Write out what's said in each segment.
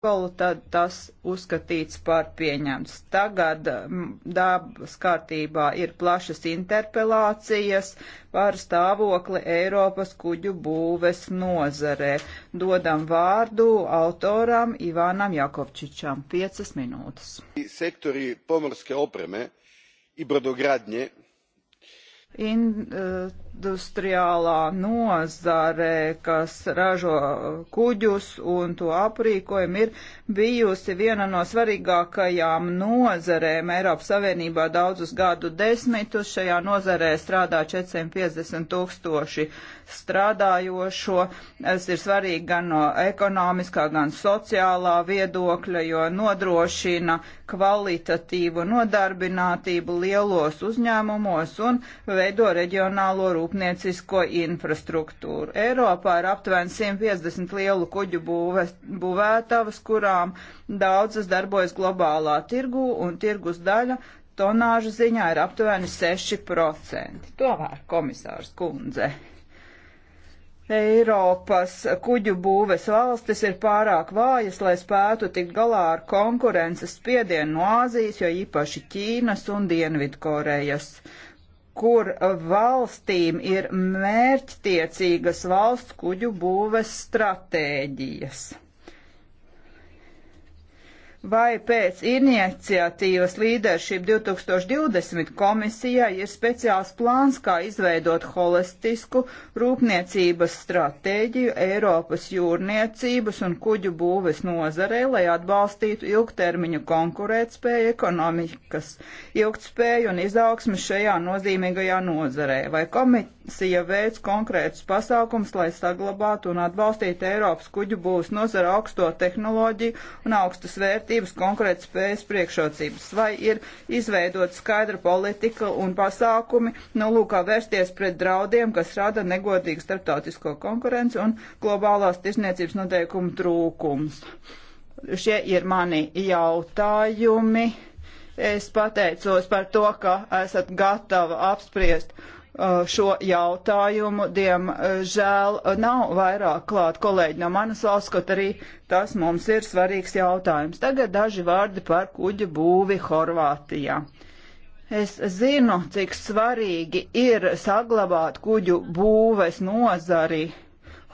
protokolu, tad tas uzskatīts par pieņemts. Tagad mm, dabas kārtībā ir plašas interpelācijas par stāvokli Eiropas kuģu būves nozarē. Dodam vārdu autoram Ivanam Jakovčičam. Piecas minūtes. Sektori pomorske opreme i brodogradnje. In, uh, industriālā nozare, kas ražo kuģus un to aprīkojumu, ir bijusi viena no svarīgākajām nozarēm Eiropas Savienībā daudzus gadu desmitus. Šajā nozarē strādā 450 tūkstoši strādājošo. Tas ir svarīgi gan no ekonomiskā, gan sociālā viedokļa, jo nodrošina kvalitatīvu nodarbinātību lielos uzņēmumos un veido reģionālo rūpību rūpniecisko infrastruktūru. Eiropā ir aptuveni 150 lielu kuģu būves, būvētavas, kurām daudzas darbojas globālā tirgu un tirgus daļa tonāžu ziņā ir aptuveni 6%. Tomēr, komisārs kundze, Eiropas kuģu būves valstis ir pārāk vājas, lai spētu tikt galā ar konkurences spiedienu no Āzijas, jo īpaši Ķīnas un Dienvidkorejas. Uh, kur uh, valstīm ir mērķtiecīgas valsts kuģu būves stratēģijas vai pēc iniciatīvas Leadership 2020 komisijai ir speciāls plāns, kā izveidot holistisku rūpniecības stratēģiju Eiropas jūrniecības un kuģu būves nozarei, lai atbalstītu ilgtermiņu konkurētspēju, ekonomikas ilgtspēju un izaugsmi šajā nozīmīgajā nozarē. Vai komit komisija veic konkrētus pasākums, lai saglabātu un atbalstītu Eiropas kuģu būvs nozara augsto tehnoloģiju un augstas vērtības konkrētas spējas priekšrocības, vai ir izveidot skaidra politika un pasākumi, nu lūkā vērsties pret draudiem, kas rada negodīgu starptautisko konkurenci un globālās tirsniecības noteikumu trūkums. Šie ir mani jautājumi. Es pateicos par to, ka esat gatava apspriest Uh, šo jautājumu. Diemžēl uh, nav vairāk klāt kolēģi no manas valsts, kaut arī tas mums ir svarīgs jautājums. Tagad daži vārdi par kuģu būvi Horvātijā. Es zinu, cik svarīgi ir saglabāt kuģu būves nozari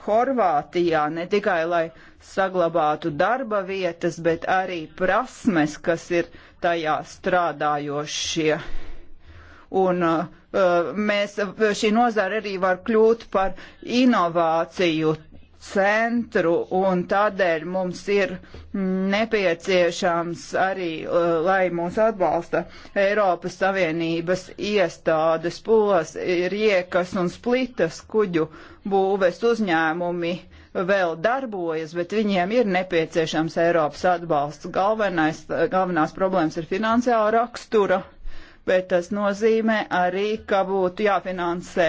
Horvātijā, ne tikai lai saglabātu darba vietas, bet arī prasmes, kas ir tajā strādājošie un uh, mēs, šī nozara arī var kļūt par inovāciju centru, un tādēļ mums ir nepieciešams arī, uh, lai mūs atbalsta Eiropas Savienības iestādes, pulas, riekas un splitas kuģu būves uzņēmumi vēl darbojas, bet viņiem ir nepieciešams Eiropas atbalsts. Galvenais, galvenās problēmas ir finansiāla rakstura bet tas nozīmē arī, ka būtu jāfinansē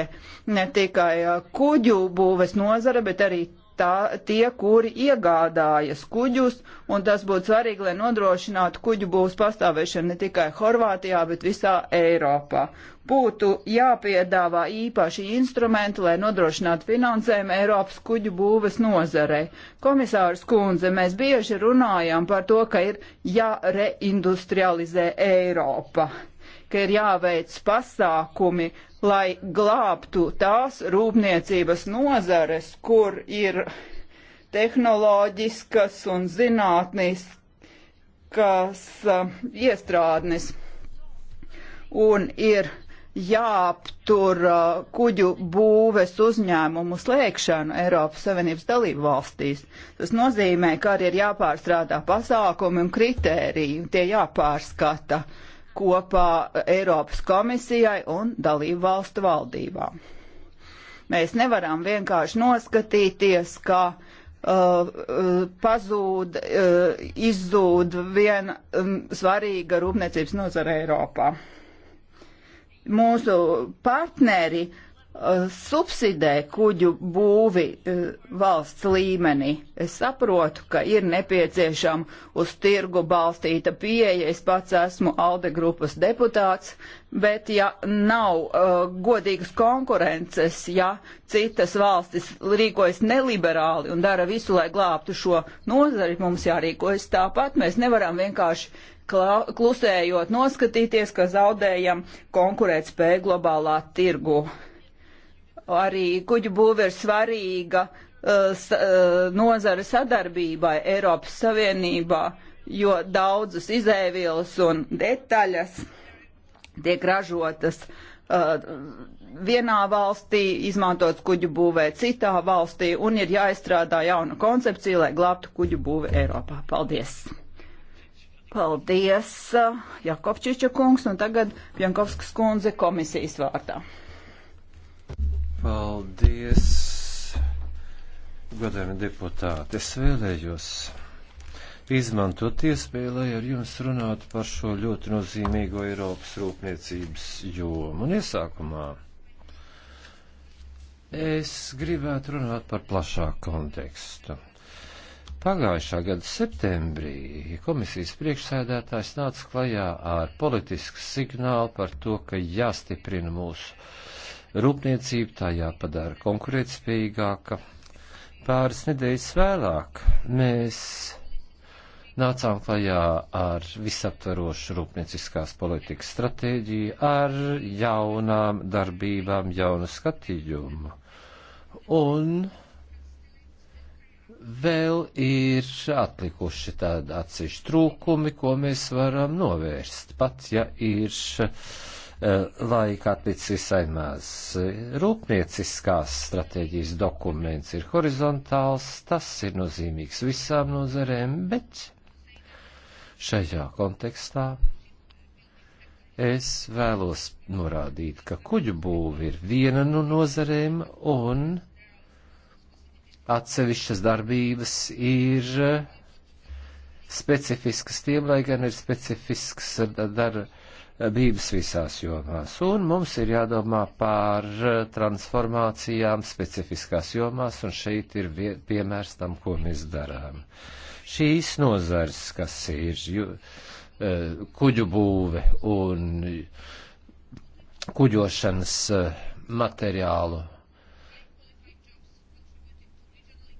ne tikai uh, kuģu būves nozara, bet arī tā, tie, kuri iegādājas kuģus, un tas būtu svarīgi, lai nodrošinātu kuģu būvs pastāvēšanu ne tikai Horvātijā, bet visā Eiropā. Būtu jāpiedāvā īpaši instrumenti, lai nodrošinātu finansējumu Eiropas kuģu būves nozarei. Komisārs Kunze, mēs bieži runājam par to, ka ir jāreindustrializē Eiropa ka ir jāveic pasākumi, lai glābtu tās rūpniecības nozares, kur ir tehnoloģiskas un zinātniskas uh, um, iestrādnes. Un ir jāaptur uh, kuģu būves uzņēmumu slēgšanu Eiropas Savienības dalību valstīs. Tas nozīmē, ka arī ir jāpārstrādā pasākumi un kritēriji, tie jāpārskata. Uh, kopā Eiropas komisijai un dalību valstu valdībām. Mēs nevaram vienkārši noskatīties, ka uh, uh pazūd, uh, izzūd viena um, svarīga rūpniecības nozara Eiropā. Mūsu partneri uh, Uh, subsidē kuģu būvi uh, valsts līmenī. Es saprotu, ka ir nepieciešama uz tirgu balstīta pieeja. Es pats esmu Alde grupas deputāts, bet ja nav uh, godīgas konkurences, ja citas valstis rīkojas neliberāli un dara visu, lai glābtu šo nozari, mums jārīkojas tāpat. Mēs nevaram vienkārši klusējot noskatīties, ka zaudējam konkurētspēju globālā tirgu. Uh, Arī kuģu būve ir svarīga uh, uh, nozara sadarbībai Eiropas Savienībā, jo daudzas izēvielas un detaļas tiek ražotas uh, vienā valstī, izmantot kuģu būvē citā valstī un ir jāizstrādā jauna koncepcija, lai glābtu kuģu būvi Eiropā. Paldies! Paldies, uh, Jakovčiča kungs, un tagad Jankovskas kundze komisijas vārdā. Paldies, godējumi deputāti. Es vēlējos izmantot iespēju, lai ar jums runātu par šo ļoti nozīmīgo Eiropas rūpniecības jomu. Un iesākumā es gribētu runāt par plašāku kontekstu. Pagājušā gada septembrī komisijas priekšsēdētājs nāca klajā ar politisku signālu par to, ka jāstiprina mūsu rūpniecība tā jāpadara konkurētspējīgāka. Pāris nedēļas vēlāk mēs nācām klajā ar visaptvarošu rūpnieciskās politikas stratēģiju, ar jaunām darbībām, jaunu skatījumu. Un vēl ir atlikuši tādi atsevišķi trūkumi, ko mēs varam novērst, pat ja ir uh, Eh, laika atlicis visai maz. Rūpnieciskās stratēģijas dokuments ir horizontāls, tas ir nozīmīgs visām nozarēm, bet šajā kontekstā es vēlos norādīt, ka kuģu būvi ir viena no nozarēm un atsevišķas darbības ir specifiskas tiem, lai gan ir specifisks dar, bības visās jomās, un mums ir jādomā par eh, transformācijām specifiskās jomās, un šeit ir piemērs tam, ko mēs darām. Šīs nozars, kas ir ju, eh, kuģu būve un kuģošanas eh, materiālu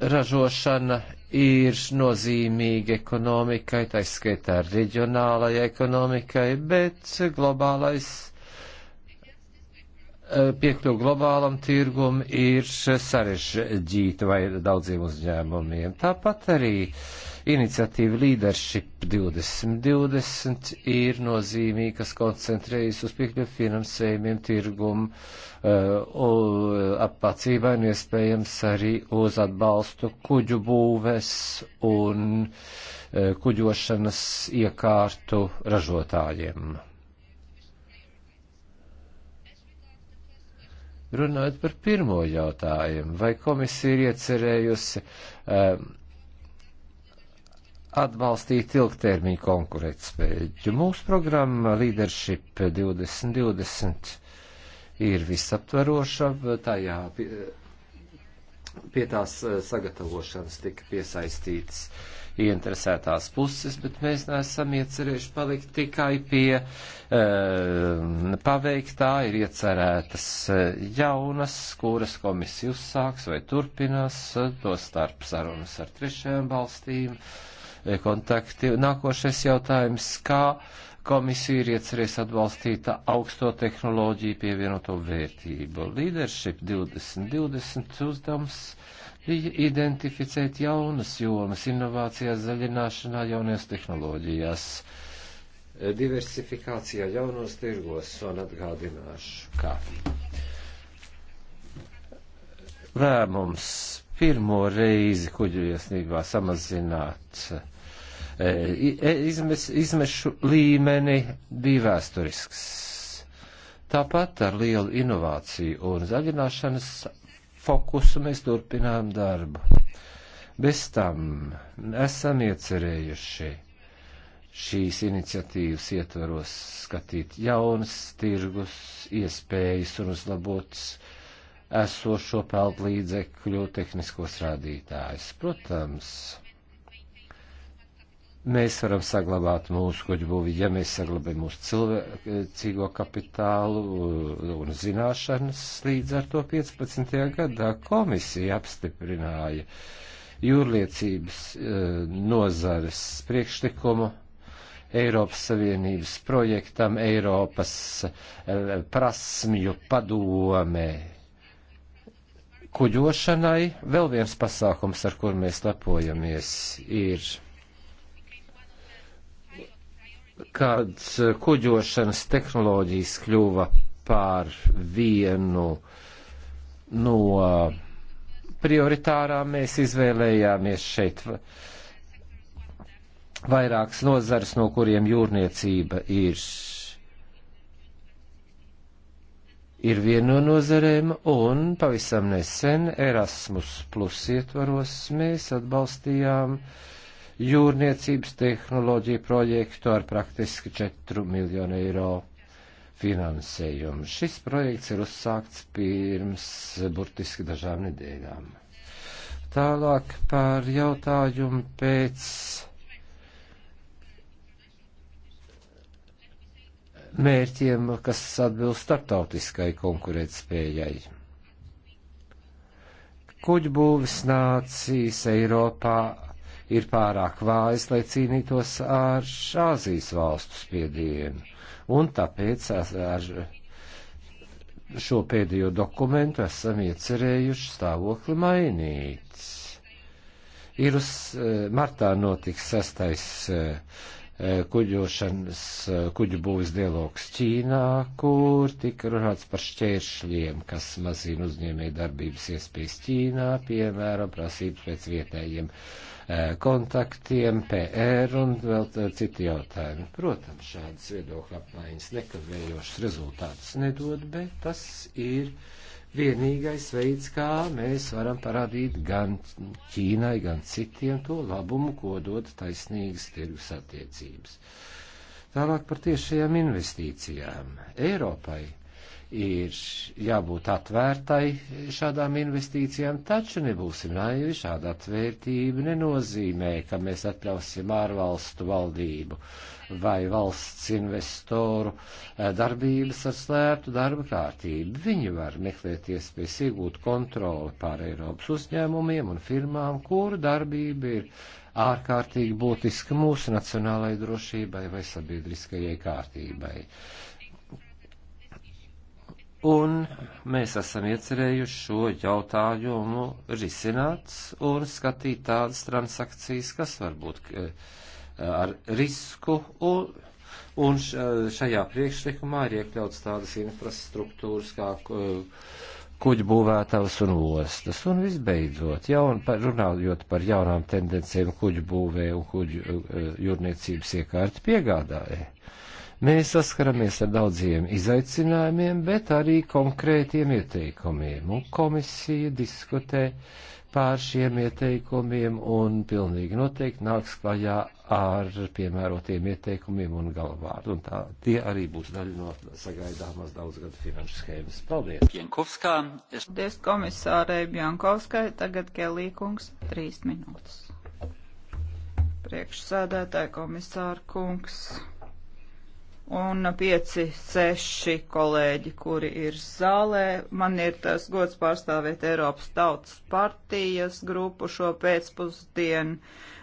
ražošana ir nozīmīgi ekonomikai, tā skaitā reģionālajai ekonomikai, bet globālais Eh, piekļuvu globālam tirgum ir sarežģīta vai daudziem uzņēmumiem. Tāpat arī iniciatīva Leadership 2020 ir nozīmīga, kas koncentrējas uz piekļuvu finansējumiem, tirgumu, eh, apmācībai un iespējams arī uz atbalstu kuģu būves un eh, kuģošanas iekārtu ražotājiem. Runājot par pirmo jautājumu, vai komisija ir iecerējusi um, atbalstīt ilgtermiņu konkurētspēju? Mūsu programma Leadership 2020 ir visaptveroša, tajā pie, pie tās eh, sagatavošanas tika piesaistīts uh, ieinteresētās puses, bet mēs neesam iecerējuši palikt tikai pie uh, ehm, paveiktā, ir iecerētas eh, jaunas, kuras komisija uzsāks vai turpinās, eh, to starp sarunas ar trešajām valstīm, eh, kontakti. Nākošais jautājums, kā komisija ir iecerējusi atbalstīt augsto tehnoloģiju pievienoto vērtību. Leadership 2020 uzdevums identificēt jaunas jomas inovācijās, zaļināšanā, jaunajās tehnoloģijās, diversifikācijā, jaunos tirgos un atgādināšu, kā lēmums pirmo reizi kuģu iesnībā samazināt e, e, izmes, izmešu līmeni bija vēsturisks. Tāpat ar lielu inovāciju un zaļināšanas fokusu mēs turpinām darbu. Bez tam esam iecerējuši šīs iniciatīvas ietvaros skatīt jaunas tirgus, iespējas un uzlabotas esošo peltlīdzekļu tehniskos rādītājus. Protams, Mēs varam saglabāt mūsu kuģbūvi, ja mēs saglabājam mūsu cilvēcīgo kapitālu uh, un zināšanas. Līdz ar to 15. gadā komisija apstiprināja jūrniecības uh, nozares priekšlikumu Eiropas Savienības projektam Eiropas uh, prasmju padomē. Kuģošanai vēl viens pasākums, ar kur mēs lepojamies, ir kāds eh, kuģošanas tehnoloģijas kļuva par vienu no prioritārām, mēs izvēlējāmies šeit vairākas nozares, no kuriem jūrniecība ir, ir viena no nozarēm, un pavisam nesen Erasmus plus ietvaros mēs atbalstījām uh, jūrniecības tehnoloģiju projektu ar praktiski 4 miljonu eiro finansējumu. Šis projekts ir uzsākts pirms burtiski dažām nedēļām. Tālāk par jautājumu pēc mērķiem, kas atbilst starptautiskai konkurētspējai. Kuģbūvis nācijas Eiropā ir pārāk vājas, lai cīnītos ar Āzijas valstu spiedienu. Un tāpēc ar šo pēdējo dokumentu esam iecerējuši stāvokli mainīt. Ir uz eh, martā notiks sastais eh, kuģošanas, kuģu būvis dialogs Ķīnā, kur tika runāts par šķēršļiem, kas mazina uzņēmē darbības iespējas Ķīnā, piemēram, prasības pēc vietējiem eh, kontaktiem, PR un vēl citi jautājumi. Protams, šādas viedokļa apmaiņas nekavējošas rezultātus nedod, bet tas ir vienīgais veids, kā mēs varam parādīt gan Ķīnai, gan citiem to labumu, ko dod taisnīgas tirgus attiecības. Tālāk par tiešajām investīcijām. Eiropai ir jābūt atvērtai šādām investīcijām, taču nebūsim naivi. Šāda atvērtība nenozīmē, ka mēs atļausim ārvalstu valdību uh, vai valsts investoru eh, darbības ar slēptu darba kārtību. Viņi var meklēt iespējas iegūt kontroli pār Eiropas uzņēmumiem un firmām, kuru darbība ir ārkārtīgi būtiska mūsu nacionālajai drošībai vai sabiedriskajai kārtībai. Un mēs esam iecerējuši šo jautājumu risināt un skatīt tādas transakcijas, kas varbūt. Uh, eh, ar risku, un, un šajā priekšlikumā ir iekļauts tādas infrastruktūras kā kuģu būvētavas un ostas. Un visbeidzot, jaun, par, runājot par jaunām tendencēm kuģu būvē un kuģu e, jūrniecības iekārtu piegādājai mēs saskaramies ar daudziem izaicinājumiem, bet arī konkrētiem ieteikumiem, un komisija diskutē pār šiem ieteikumiem un pilnīgi noteikti nāks klajā ar piemērotiem ieteikumiem un galvārdu. Un tā tie arī būs daļa no sagaidāmās daudzgadu finanšu schēmas. Paldies! Pienkovskā. Es... Paldies komisārai Bjankovskai. Tagad Kelīkungs trīs minūtes. Priekšsēdētāji komisāra kungs un pieci, seši kolēģi, kuri ir zālē. Man ir tas gods pārstāvēt Eiropas Tautas partijas grupu šo pēcpusdienu.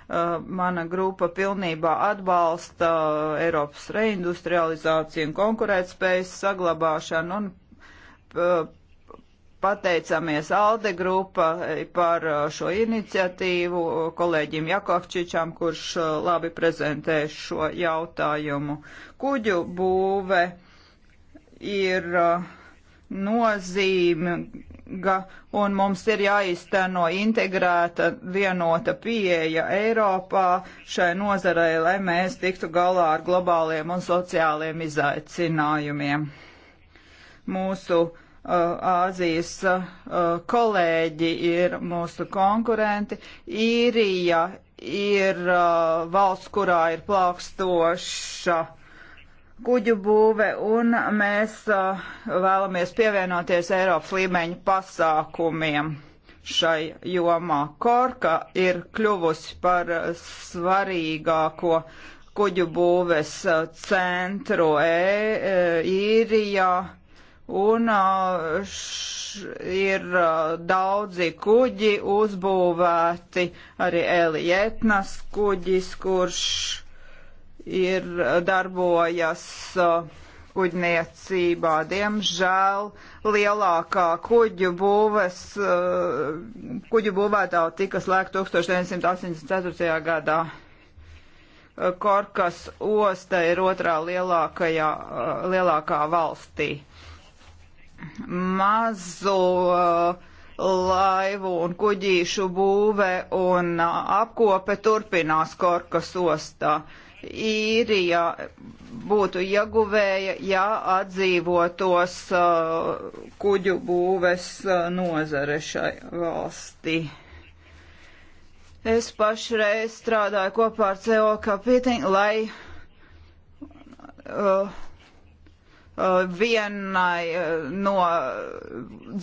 Uh, mana grupa pilnībā atbalsta Eiropas reindustrializāciju un konkurētspējas saglabāšanu un uh, Pateicamies Alde grupai eh, par eh, šo iniciatīvu, kolēģim Jakovčičam, kurš eh, labi prezentē šo jautājumu. Kuģu būve ir nozīmīga un mums ir jāizteno integrēta vienota pieeja Eiropā šai nozarei, lai mēs tiktu galā ar globāliem un sociāliem izaicinājumiem. Mūsu uh, Uh, Āzijas uh, kolēģi ir mūsu konkurenti. Īrija ir uh, valsts, kurā ir plaukstoša kuģu būve, un mēs vēlamies pievienoties Eiropas līmeņa pasākumiem šai jomā. Korka ir kļuvusi par svarīgāko kuģu būves centru e, Īrijā. E, un š, ir daudzi kuģi uzbūvēti, arī Elietnas kuģis, kurš ir darbojas kuģniecībā. Diemžēl lielākā kuģu, būves, kuģu būvētāja tika slēgta 1984. gadā. Korkas osta ir otrā lielākajā, lielākā valstī mazu uh, laivu un kuģīšu būve un uh, apkope turpinās Korkas ostā. Īrija būtu ieguvēja, ja atdzīvotos uh, kuģu būves uh, nozare šai valstī. Es pašreiz strādāju kopā ar CO Kapiting, lai uh, Uh, vienai uh, no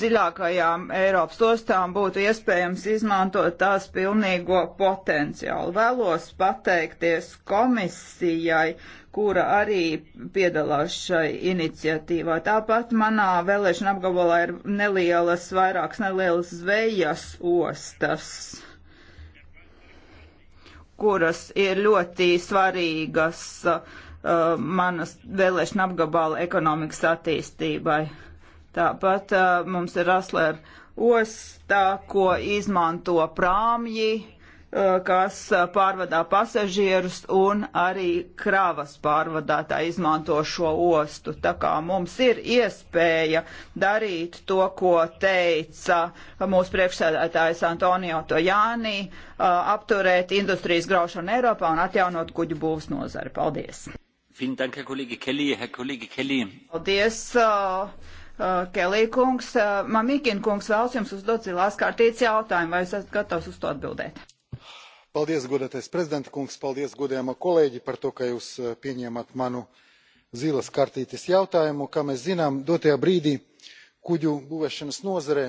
dziļākajām Eiropas ostām būtu iespējams izmantot tās pilnīgo potenciālu. Vēlos pateikties komisijai, kura arī piedalās šai iniciatīvā. Tāpat manā vēlēšana apgabalā ir nelielas, vairākas nelielas zvejas ostas kuras ir ļoti svarīgas uh, uh, manas vēlēšana apgabala ekonomikas attīstībai. Tāpat uh, mums ir Aslēra ostā, ko izmanto prāmji, uh, kas uh, pārvadā pasažierus un arī kravas pārvadātāji izmanto šo ostu. Tā kā mums ir iespēja darīt to, ko teica mūsu priekšsēdētājs Antonio Tojāni, uh, apturēt industrijas graušanu Eiropā un atjaunot kuģu būvs nozari. Paldies! Paldies, uh, uh, Kelī kungs. Uh, Mamikina kungs vēlas jums uzdot zilās kārtīts jautājumu, vai esat gatavs uz to atbildēt? Paldies, godātais prezidenta kungs, paldies, godējama kolēģi, par to, ka jūs pieņēmat manu zilās kārtītes jautājumu. Kā mēs zinām, dotajā brīdī kuģu būvēšanas nozare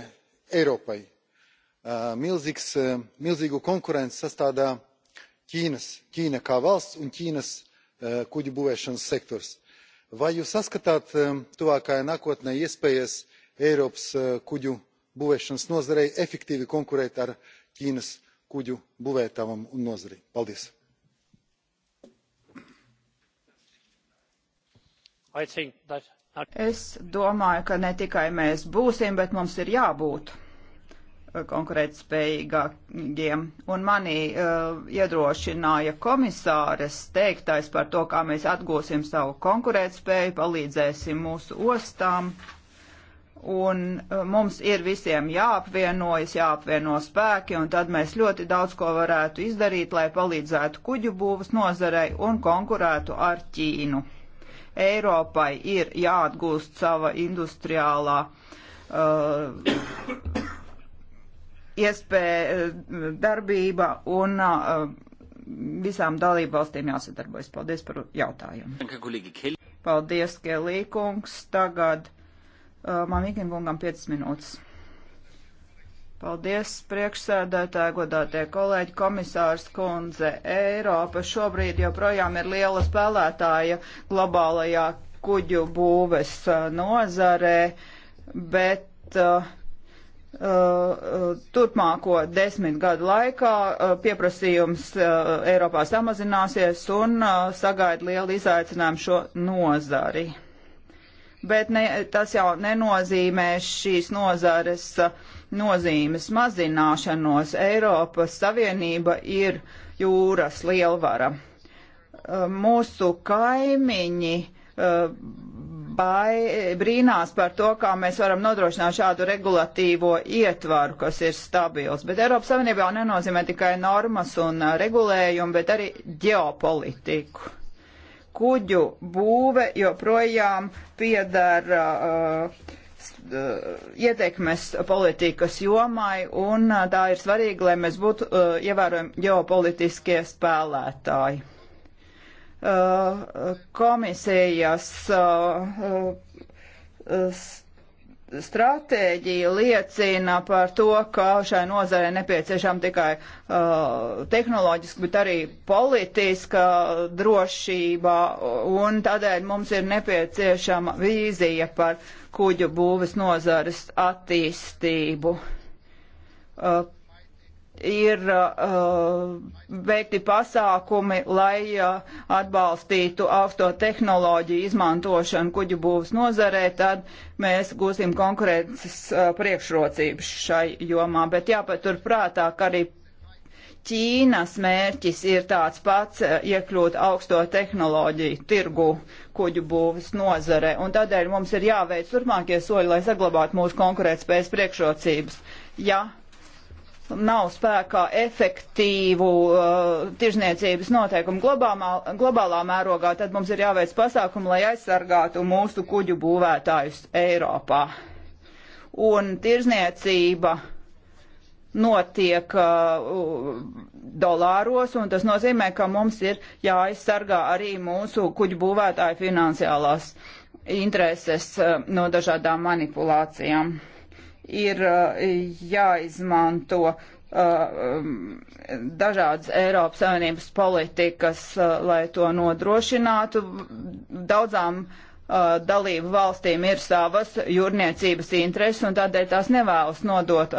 Eiropai milzīgs, milzīgu konkurenci sastādā Ķīnas, Ķīna kā valsts un Ķīnas kuģu būvēšanas sektors. vai jūs saskatāt э, tuvākajā nākotnē iespējas eiropas э, kuģu būvēšanas nozarei efektīvi konkurēt ar ķīnas kuģu būvētājiem un nozari? paldies! That... Es domāju, ka ne tikai mēs būsim, bet mums ir jābūt konkurētspējīgākiem. Un manī uh, eh, iedrošināja komisāres teiktais par to, kā mēs atgūsim savu konkurētspēju, palīdzēsim mūsu ostām. Un uh, mums ir visiem jāapvienojas, jāapvieno spēki, un tad mēs ļoti daudz ko varētu izdarīt, lai palīdzētu kuģu būvas nozarei un konkurētu ar Ķīnu. Eiropai ir jāatgūst sava industriālā uh, iespēja eh, darbība un eh, visām dalību valstīm jāsadarbojas. Paldies par jautājumu. Paldies, Kelī kungs. Tagad eh, man Vikingungam 5 minūtes. Paldies, priekšsēdētāji, godātie kolēģi, komisārs kundze. Eiropa šobrīd joprojām ir liela spēlētāja globālajā kuģu būves nozarē, bet uh, Uh, uh, turpmāko desmit gadu laikā uh, pieprasījums Eiropā samazināsies un sagaida lielu izaicinājumu šo nozari. Bet ne, tas jau nenozīmē šīs nozares nozīmes mazināšanos. Eiropas Savienība ir jūras lielvara. Mūsu kaimiņi bai, brīnās par to, kā mēs varam nodrošināt šādu regulatīvo ietvaru, kas ir stabils. Bet Eiropas Savienībā nenozīmē tikai normas un regulējumu, bet arī ģeopolitiku. Kuģu būve joprojām piedara uh, ietekmes politikas jomai, un tā ir svarīgi, lai mēs būtu uh, ievērojami ģeopolitiskie spēlētāji. Uh, komisijas uh, uh, stratēģija liecina par to, ka šai nozarē nepieciešama tikai uh, tehnoloģiska, bet arī politiska drošība, un tādēļ mums ir nepieciešama vīzija par kuģu būves nozares attīstību. Uh, ir uh, veikti pasākumi, lai uh, atbalstītu augsto tehnoloģiju izmantošanu kuģu būvs nozarē, tad mēs gūsim konkurences uh, priekšrocības šai jomā. Bet jāpatur prātā, ka arī Ķīnas mērķis ir tāds pats uh, - iekļūt augsto tehnoloģiju tirgu kuģu būvas nozare, un tādēļ mums ir jāveic turpmākie soļi, lai saglabātu mūsu konkurētspējas priekšrocības. Ja nav spēkā efektīvu uh, tirzniecības noteikumu globālā, globālā mērogā, tad mums ir jāveic pasākumi, lai aizsargātu mūsu kuģu būvētājus Eiropā. Un tirzniecība notiek uh, dolāros, un tas nozīmē, ka mums ir jāaizsargā arī mūsu kuģu būvētāju finansiālās intereses uh, no dažādām manipulācijām ir eh, jāizmanto eh, dažādas Eiropas Savienības politikas, eh, lai to nodrošinātu. Daudzām dalību valstīm ir savas jūrniecības intereses, un tādēļ tās nevēlas nodot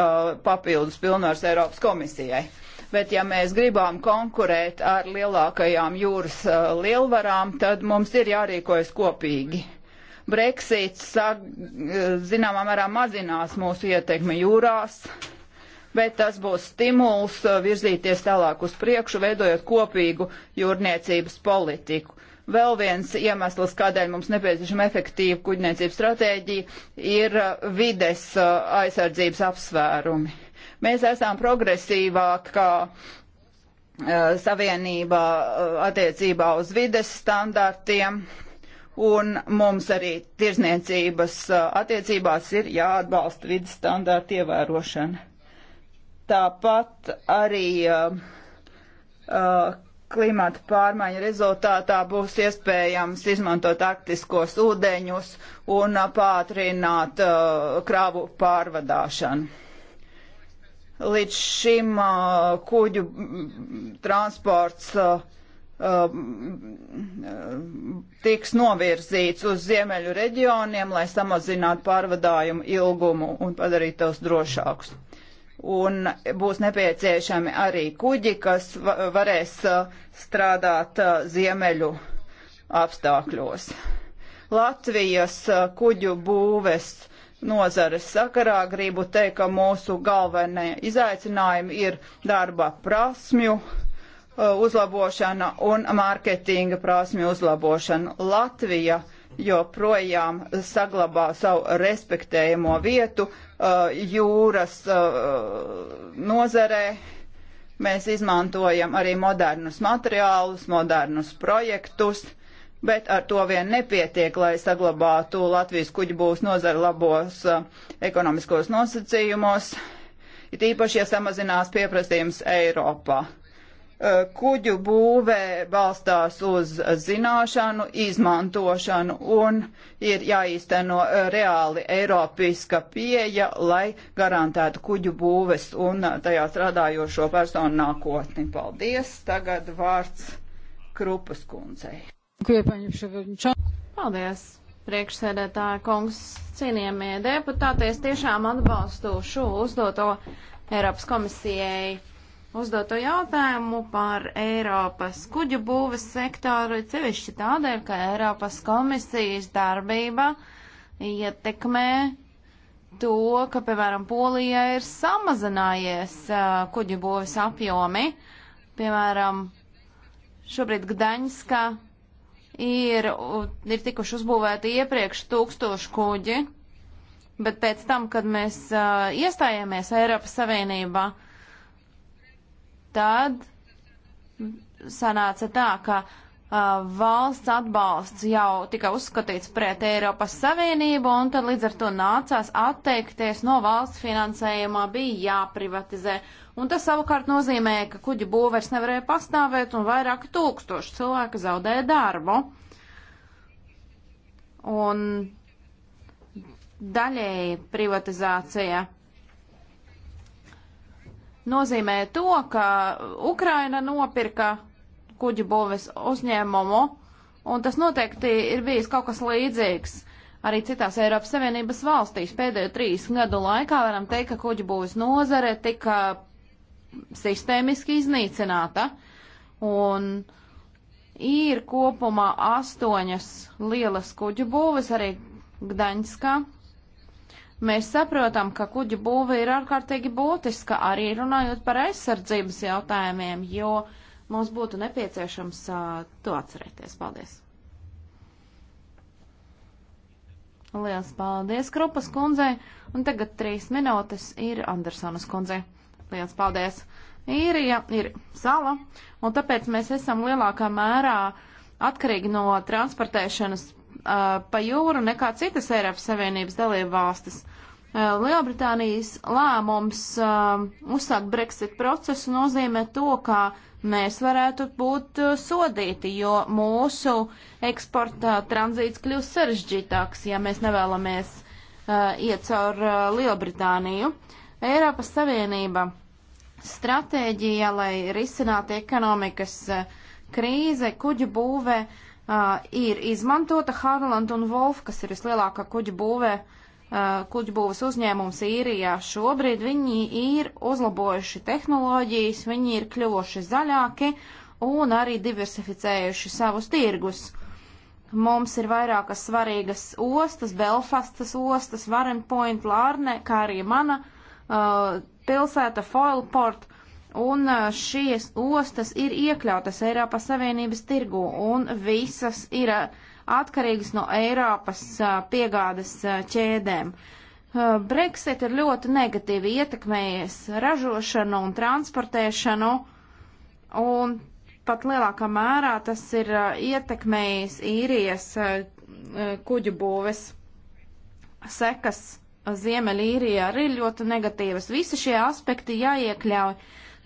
papildus pilnvars Eiropas komisijai. Bet ja mēs gribām konkurēt ar lielākajām jūras lielvarām, tad mums ir jārīkojas kopīgi. Mm. Brexits, zināmā mērā, mazinās mūsu ietekmi jūrās, bet tas būs stimuls uh, virzīties tālāk uz priekšu, veidojot kopīgu jūrniecības politiku. Vēl viens iemesls, kādēļ mums nepieciešama efektīva kuģniecības stratēģija, ir uh, vides uh, aizsardzības apsvērumi. Mēs esam progresīvākā savienībā attiecībā uz vides standartiem un mums arī tirzniecības uh, attiecībās ir jāatbalsta vidas standārta ievērošana. Tāpat arī uh, uh, klimata pārmaiņu rezultātā būs iespējams izmantot arktiskos ūdeņus un uh, pātrināt uh, kravu pārvadāšanu. Līdz šim uh, kuģu transports uh, Um, tiks novirzīts uz ziemeļu reģioniem, lai samazinātu pārvadājumu ilgumu un padarītu tos drošākus. Un būs nepieciešami arī kuģi, kas varēs uh, strādāt uh, ziemeļu apstākļos. Latvijas uh, kuģu būves nozares sakarā gribu teikt, ka mūsu galvenie izaicinājumi ir darba prasmju uh, Uh, uzlabošana un mārketinga prasmju uzlabošana. Latvija joprojām saglabā savu respektējamo vietu uh, jūras uh, nozarē. Mēs izmantojam arī modernus materiālus, modernus projektus, bet ar to vien nepietiek, lai saglabātu Latvijas kuģi būs nozara labos ekonomiskos nosacījumos, it īpaši, ja samazinās pieprasījums Eiropā. Uh, kuģu būvē balstās uz zināšanu, izmantošanu un ir jāīsteno reāli eiropiska pieeja, lai garantētu kuģu būves un tajā strādājošo personu nākotni. Paldies! Tagad vārds Krupas kundzei. Paldies! Priekšsēdētāja kungs, cienījamie deputāti, es tiešām atbalstu šo uzdoto Eiropas komisijai uzdoto jautājumu par Eiropas kuģu būves sektoru, cevišķi tādēļ, ka Eiropas komisijas darbība ietekmē to, ka, piemēram, Polijā ir samazinājies uh, kuģu būves apjomi. Piemēram, šobrīd Gdaņska ir, ir tikuši uzbūvēti iepriekš tūkstoši kuģi, bet pēc tam, kad mēs uh, iestājāmies Eiropas Savienībā, uh, tad sanāca tā, ka uh, valsts atbalsts jau tika uzskatīts pret Eiropas Savienību, un tad līdz ar to nācās atteikties no valsts finansējumā, bija jāprivatizē. Un tas savukārt nozīmēja, ka kuģi būvērs nevarēja pastāvēt, un vairāk tūkstoši cilvēku zaudēja darbu. Un daļēji privatizācija nozīmē to, ka Ukraina nopirka kuģu būves uzņēmumu, un tas noteikti ir bijis kaut kas līdzīgs arī citās Eiropas Savienības valstīs. Pēdējo trīs gadu laikā varam teikt, ka kuģu būves nozare tika sistēmiski iznīcināta, un ir kopumā astoņas lielas kuģu būves arī Gdaņskā, Mēs saprotam, ka kuģu būve ir ārkārtīgi būtiska arī runājot par aizsardzības jautājumiem, jo mums būtu nepieciešams uh, to atcerēties. Paldies! Lielas paldies Krupas kundzei, un tagad trīs minūtes ir Andersonas kundzei. Lielas paldies! Īrija ir sala, un tāpēc mēs esam lielākā mērā atkarīgi no transportēšanas uh, pa jūru nekā citas Eiropas Savienības dalību valstis. Eh, Lielbritānijas lēmums eh, uzsākt Brexit procesu nozīmē to, ka mēs varētu būt eh, sodīti, jo mūsu eksporta tranzīts kļūst sarežģītāks, ja mēs nevēlamies uh, iet caur uh, Lielbritāniju. Eiropas Savienība stratēģija, lai risinātu ekonomikas uh, krīze, kuģu būve ir izmantota. Harland un Wolf, kas ir vislielākā kuģu būve uh, Eh, kuģbūvas uzņēmums īrijā šobrīd, viņi ir uzlabojuši tehnoloģijas, viņi ir kļuvuši zaļāki un arī diversificējuši savus tirgus. Mums ir vairākas svarīgas ostas, Belfastas ostas, Warren Point, Lārne, kā arī mana uh, pilsēta Foilport, un uh, šīs ostas ir iekļautas Eiropas Savienības tirgu, un visas ir uh, atkarīgas no Eiropas piegādes ķēdēm. Brexit ir ļoti negatīvi ietekmējies ražošanu un transportēšanu, un pat lielākā mērā tas ir ietekmējis īrijas kuģu būves sekas. Ziemeļīrijā arī ir ļoti negatīvas. Visi šie aspekti jāiekļauj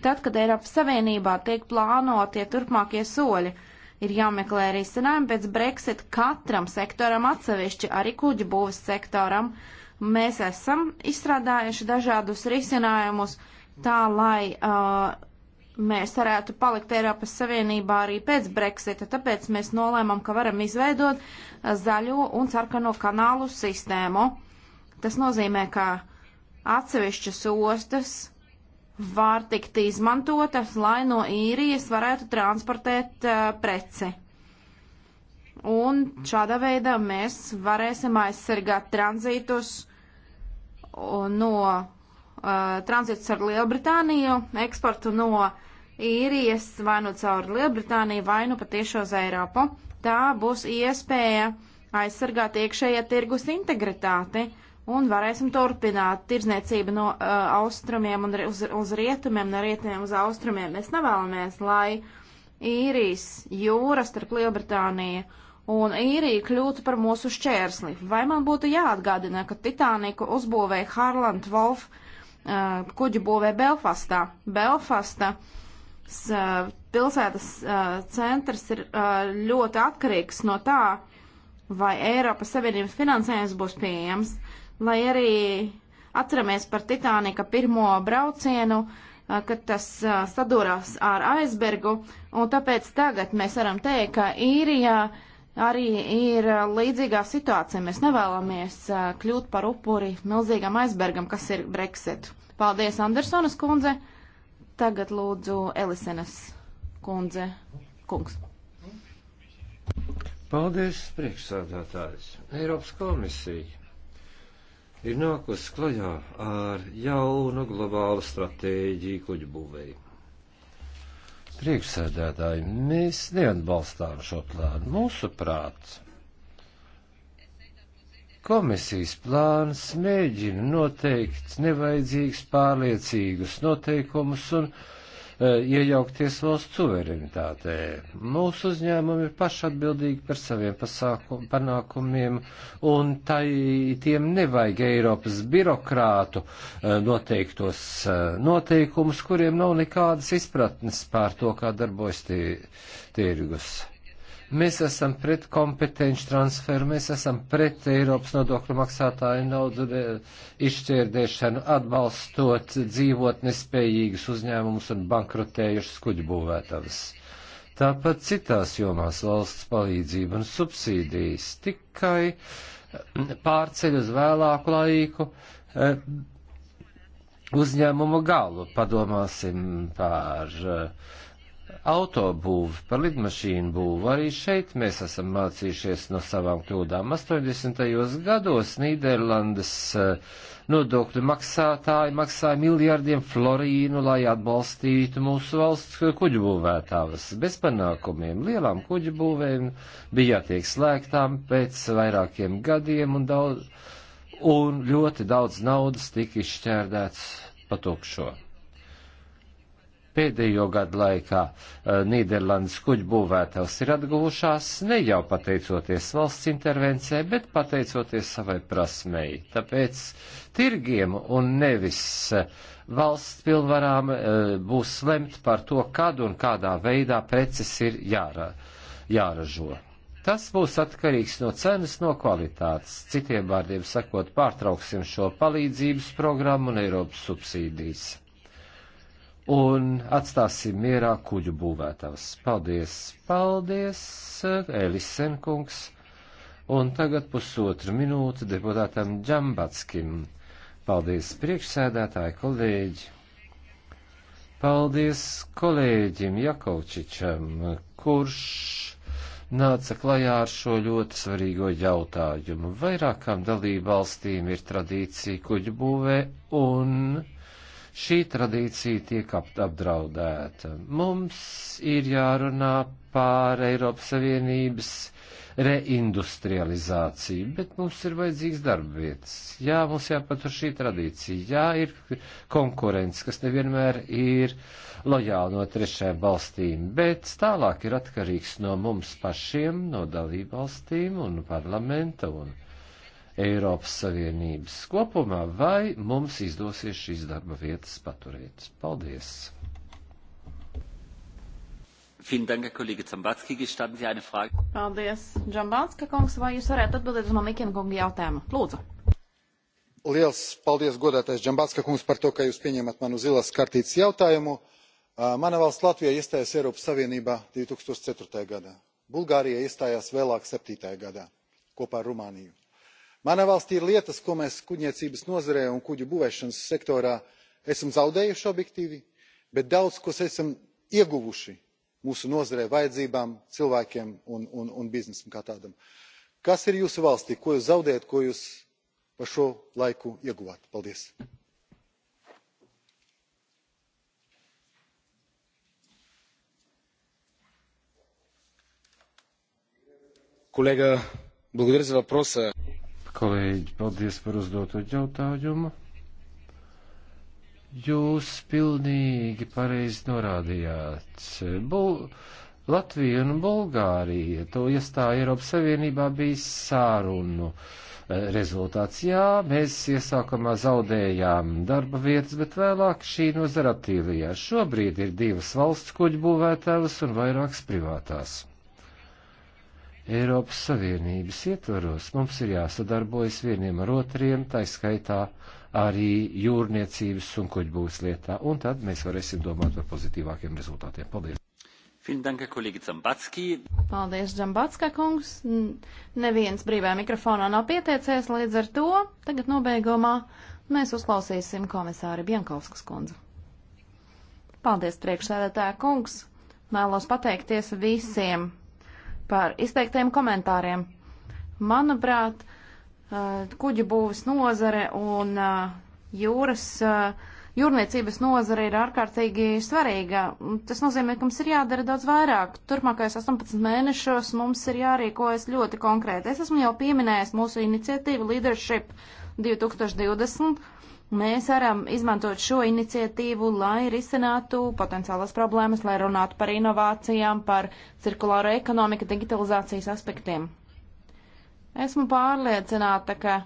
tad, kad Eiropas Savienotībā tiek plānotie turpmākie soļi. Uh, ir jāmeklē risinājumi pēc Brexit katram sektoram atsevišķi, arī kuģu būvas sektoram. Mēs esam izstrādājuši dažādus risinājumus tā, lai uh, mēs varētu palikt Eiropas Savienībā arī pēc Brexita, tāpēc mēs nolēmam, ka varam izveidot uh, zaļo un sarkano kanālu sistēmu. Tas nozīmē, ka atsevišķas ostas var tikt izmantotas, lai no īrijas varētu transportēt uh, preci. Un šādā veidā mēs varēsim aizsargāt tranzītus no uh, tranzītus ar Lielbritāniju, eksportu no īrijas vai nu caur Lielbritāniju vai nu patiešo uz Eiropu. Tā būs iespēja aizsargāt iekšējā tirgus integritāti. Uh, un varēsim turpināt tirzniecību no uh, austrumiem un uz, uz rietumiem, no rietumiem uz austrumiem. Mēs nevēlamies, lai īrijas jūra starp Lielbritāniju un īriju kļūtu par mūsu šķērsli. Vai man būtu jāatgādina, ka Titaniku uzbūvēja Harland Wolf uh, kuģu būvē Belfastā? Belfasta uh, pilsētas uh, centrs ir uh, ļoti atkarīgs no tā, vai Eiropas Savienības finansējums būs pieejams lai arī atceramies par Titānika pirmo braucienu, kad tas sadūrās ar aizbergu, un tāpēc tagad mēs varam teikt, ka īrijā arī ir līdzīgā situācija. Mēs nevēlamies kļūt par upuri milzīgam aizbergam, kas ir Brexit. Paldies, Andersonas kundze. Tagad lūdzu Elisenas kundze, kungs. Paldies, priekšsādātājs. Eiropas komisija ir nākus klajā ar jaunu globālu stratēģiju kuģu būvēju. Priekšsēdētāji, mēs neatbalstām šo plānu. Mūsuprāt, komisijas plāns mēģina noteikt nevajadzīgus pārliecīgus noteikumus un uh, Eh, iejaukties valsts suverenitātē. Mūsu uzņēmumi ir paši atbildīgi par saviem pasākum, panākumiem, un tai, tiem nevajag Eiropas birokrātu eh, noteiktos eh, noteikumus, kuriem nav nekādas izpratnes pār to, kā darbojas tirgus. Tie, Mēs esam pret kompetenci transferu, mēs esam pret Eiropas nodokļu maksātāju naudu izšķērdēšanu, atbalstot dzīvot nespējīgus uzņēmumus un bankrotējušas kuģbūvētavas. Tāpat citās jomās valsts palīdzība un subsīdijas tikai mm, pārceļ uz vēlāku laiku eh, uzņēmumu galu. Padomāsim par uh, autobūvi, par lidmašīnu būvu. Arī šeit mēs esam mācījušies no savām kļūdām. 80. gados Nīderlandes eh, nodokļu maksātāji maksāja miljardiem florīnu, lai atbalstītu mūsu valsts kuģu būvētājas. Bez panākumiem lielām kuģu būvēm bija jātiek slēgtām pēc vairākiem gadiem un, daudz, un ļoti daudz naudas tika izšķērdēts pa tukšo. Pēdējo gadu laikā eh, Nīderlandes kuģu būvētājs ir atguvušās ne jau pateicoties valsts intervencijai, bet pateicoties savai prasmei. Tāpēc tirgiem un nevis eh, valsts pilvarām eh, būs lemt par to, kad un kādā veidā preces ir jāra, jāražo. Tas būs atkarīgs no cenas, no kvalitātes. Citiem vārdiem sakot, pārtrauksim šo palīdzības programmu un Eiropas subsīdijas un atstāsim mierā kuģu būvētājus. Paldies, paldies, Elisenkungs. Un tagad pusotru minūti deputātam Džambatskim. Paldies, priekšsēdētāji, kolēģi. Paldies kolēģim Jakovčičam, kurš nāca klajā ar šo ļoti svarīgo jautājumu. Vairākām dalībvalstīm ir tradīcija kuģu būvē un šī tradīcija tiek apdraudēta. Mums ir jārunā pār Eiropas Savienības reindustrializāciju, bet mums ir vajadzīgs darbvietas. Jā, mums jāpatur šī tradīcija. Jā, ir konkurence, kas nevienmēr ir lojāla no trešajām valstīm, bet tālāk ir atkarīgs no mums pašiem, no dalībvalstīm un parlamenta un Eiropas Savienības kopumā, vai mums izdosies šīs darba vietas paturēt. Paldies! Paldies, Džambatska kungs, vai jūs varētu atbildēt uz man Mikina kunga jautājumu? Lūdzu. Liels paldies, godātais Džambatska kungs, par to, ka jūs pieņemat manu zilās kartītes jautājumu. Mana valsts Latvija iestājās Eiropas Savienībā 2004. gadā. Bulgārija iestājās vēlāk 7. gadā kopā ar Rumāniju manā valstī ir lietas ko mēs kuģniecības nozarē un kuģu būvēšanas sektorā esam zaudējuši objektīvi bet daudz ko esam ieguvuši mūsu nozarē vajadzībām cilvēkiem un biznesam kā tādam. kas ir jūsu valstī ko jūs zaudējat ko jūs pa šo laiku ieguvāt? paldies! Колега, благодаря за въпроса kolēģi, paldies par uzdoto jautājumu. Jūs pilnīgi pareizi norādījāt. Bul Latvija un Bulgārija, to iestāja Eiropas Savienībā, bija sārunu eh, rezultāts. Jā, mēs iesākumā zaudējām darba vietas, bet vēlāk šī nozara attīlījās. Šobrīd ir divas valsts kuģu būvētājas un vairākas privātās. Eiropas Savienības ietvaros mums ir jāsadarbojas vieniem ar otriem, tā skaitā arī jūrniecības un kuģbūvas lietā, un tad mēs varēsim domāt par pozitīvākiem rezultātiem. Paldies! Paldies, Džambatska kungs. Neviens brīvā mikrofonā nav pieteicies, līdz ar to tagad nobeigumā mēs uzklausīsim komisāri Bienkovskas kundzu. Paldies, priekšsēdētāja kungs. Vēlos pateikties visiem par izteiktajiem komentāriem. Manuprāt, kuģi būvas nozare un jūras, jūrniecības nozare ir ārkārtīgi svarīga. Tas nozīmē, ka mums ir jādara daudz vairāk. Turpmākajos 18 mēnešos mums ir jārīkojas ļoti konkrēti. Es esmu jau pieminējis mūsu iniciatīvu Leadership 2020 Mēs varam izmantot šo iniciatīvu, lai risinātu potenciālas problēmas, lai runātu par inovācijām, par cirkulāro ekonomiku, digitalizācijas aspektiem. Esmu pārliecināta, ka,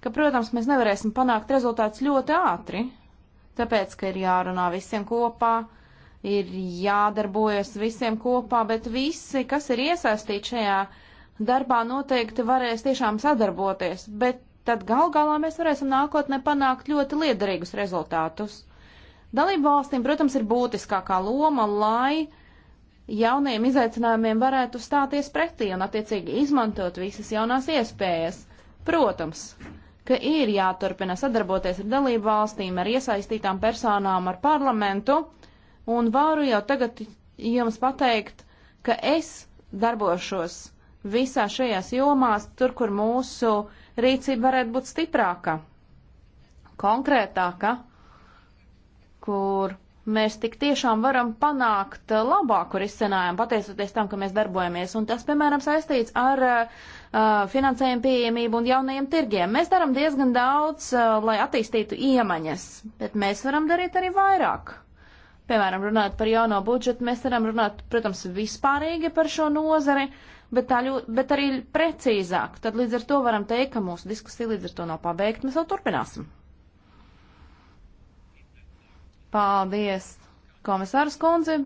ka, protams, mēs nevarēsim panākt rezultāts ļoti ātri, tāpēc, ka ir jārunā visiem kopā, ir jādarbojas visiem kopā, bet visi, kas ir iesaistīti šajā darbā, noteikti varēs tiešām sadarboties, bet tad gal galā mēs varēsim nākotnē panākt ļoti liederīgus rezultātus. Dalību valstīm, protams, ir būtiskākā loma, lai jaunajiem izaicinājumiem varētu stāties pretī un, attiecīgi, izmantot visas jaunās iespējas. Protams, ka ir jāturpina sadarboties ar dalību valstīm, ar iesaistītām personām, ar parlamentu, un varu jau tagad jums pateikt, ka es darbošos visā šajās jomās, tur, kur mūsu uh, rīcība varētu būt stiprāka, konkrētāka, kur mēs tik tiešām varam panākt labāku risinājumu, pateicoties tam, ka mēs darbojamies. Un tas, piemēram, saistīts ar uh, finansējumu pieejamību un jaunajiem tirgiem. Mēs darām diezgan daudz, uh, lai attīstītu iemaņas, bet mēs varam darīt arī vairāk. Piemēram, runāt par jauno budžetu, mēs varam runāt, protams, vispārīgi par šo nozari. Uh, bet, tā, ļu, bet arī precīzāk. Tad līdz ar to varam teikt, ka mūsu diskusija līdz ar to nav pabeigta, mēs vēl turpināsim. Paldies, komisārs kundze!